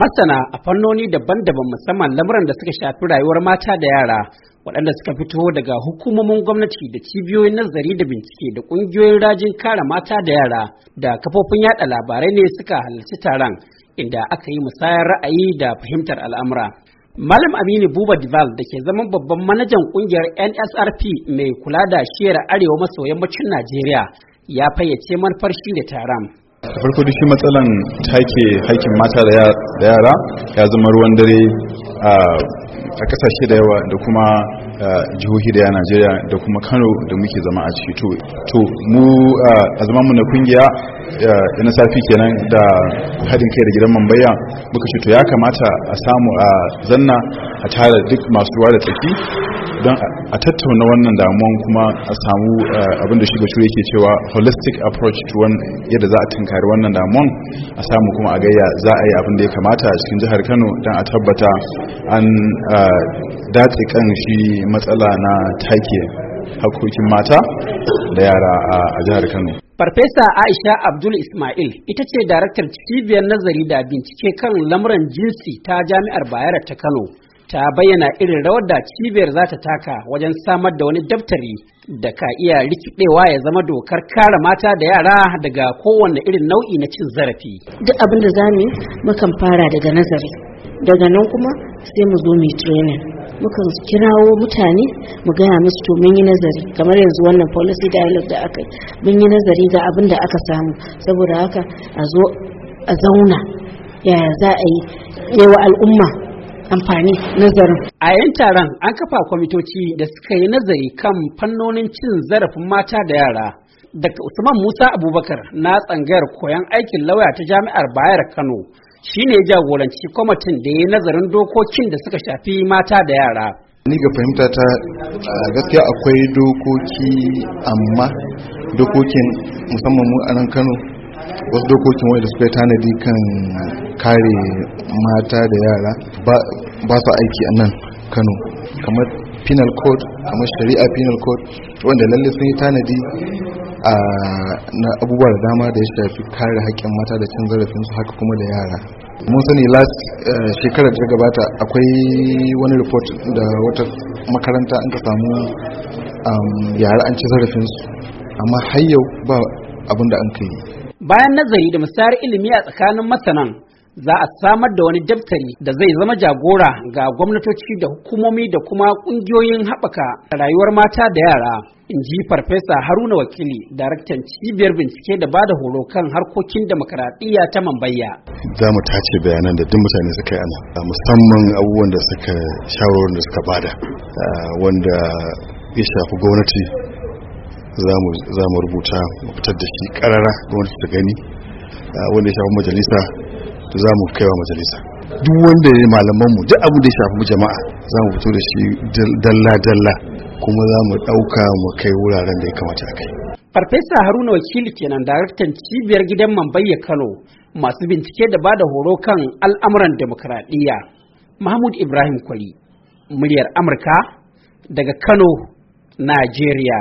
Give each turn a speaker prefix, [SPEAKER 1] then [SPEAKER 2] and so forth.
[SPEAKER 1] masana a fannoni daban-daban musamman lamuran da suka shafi rayuwar mata da yara waɗanda suka fito daga hukumomin gwamnati da cibiyoyin nazari da bincike da ƙungiyoyin rajin kare mata da yara da kafofin yada labarai ne suka halarci taron inda aka yi musayar ra'ayi da fahimtar al'amura Malam Aminu Buba Dival da ke zaman babban manajan ƙungiyar NSRP mai kula da shiyar arewa maso yammacin Najeriya ya fayyace manufar da taron.
[SPEAKER 2] da farko da shi matsalan take haikin mata da yara ya zama ruwan dare a ah, a kasashe da yawa da kuma eh, jihohi da najeriya da kuma kano da muke zama a ciki to mu eh, a zama mu na kungiya eh, na safi kenan da haɗin kai da gidan mambaya muka ce to ya kamata a samu a zanna a tara duk masu ruwa da tsaki don a tattauna wannan damuwan kuma a samu abin da shiga shi yake cewa holistic approach to yadda za a tunkari wannan damuwan a samu kuma a gayya za a yi abin da ya kamata a cikin jihar kano don a tabbata an Dace kan shi matsala na take hakokin mata da yara a jihar Kano.
[SPEAKER 1] Farfesa Aisha Abdul Ismail ita ce daraktar cibiyar nazari da bincike kan lamuran jinsi ta jami'ar Bayero ta Kano. Ta bayyana irin rawar da cibiyar za ta taka wajen samar da wani daftari da ka iya rikidewa ya zama dokar kare mata da yara daga kowane irin nau'i na cin zarafi. Duk abin da za mu mukan fara daga nazari. Daga nan kuma sai mu zo mu training muka kirawo mutane mu gaya musu to mun yi nazari kamar yanzu wannan policy dialogue da aka yi mun yi nazari ga abin da aka samu saboda haka a zo a zauna yaya za a yi yawa al'umma amfani nazarin. A 'yan taron an kafa kwamitoci da suka yi nazari kan fannonin cin zarafin mata da yara. daga Usman Musa Abubakar na tsangayar koyon aikin lauya ta Jami'ar Bayar Kano shi ne jagoranci kwamitin da ya nazarin dokokin da suka shafi mata da yara.
[SPEAKER 3] Ni ga fahimta ta gaskiya akwai dokoki amma dokokin musamman mu a nan Kano wasu dokokin wanda suka tanadi kan kare mata da yara ba su aiki a nan Kano kamar penal code kamar shari'a penal code wanda lalle sun yi tanadi na abubuwa da dama da ya shafi kare haƙƙin mata da cin zarafin su haka kuma da yara mun sani last eh, shekarar da ta gabata akwai wani report da wata makaranta an ka samu um, yara an ci su, amma har yau ba abin da an kai
[SPEAKER 1] bayan nazari da misali ilimi a tsakanin masanan za a samar da wani daftari da zai zama jagora ga gwamnatoci da hukumomi da kuma ƙungiyoyin haɓaka rayuwar mata da yara in ji farfesa haruna wakili daraktan cibiyar bincike da bada horo kan harkokin demokaradiyya ta mambayya
[SPEAKER 3] za mu tace bayanan da duk mutane suka yi ana musamman abubuwan da suka shawarar da suka bada wanda ya shafi gwamnati za mu rubuta mu fitar da shi karara gwamnati ta gani wanda ya shafi majalisa za mu kaiwa majalisa duk wanda ya yi malamanmu duk abu da ya shafi jama'a za mu fito da shi dalla dalla kuma za mu ɗauka mu kai wuraren da ya kamata a kai.
[SPEAKER 1] Farfesa Haruna Wakili kenan daraktan cibiyar gidan Mambayya Kano masu bincike da ba da horo kan al'amuran demokradiyya. Mahmud Ibrahim kwali muryar Amurka daga Kano, Najeriya.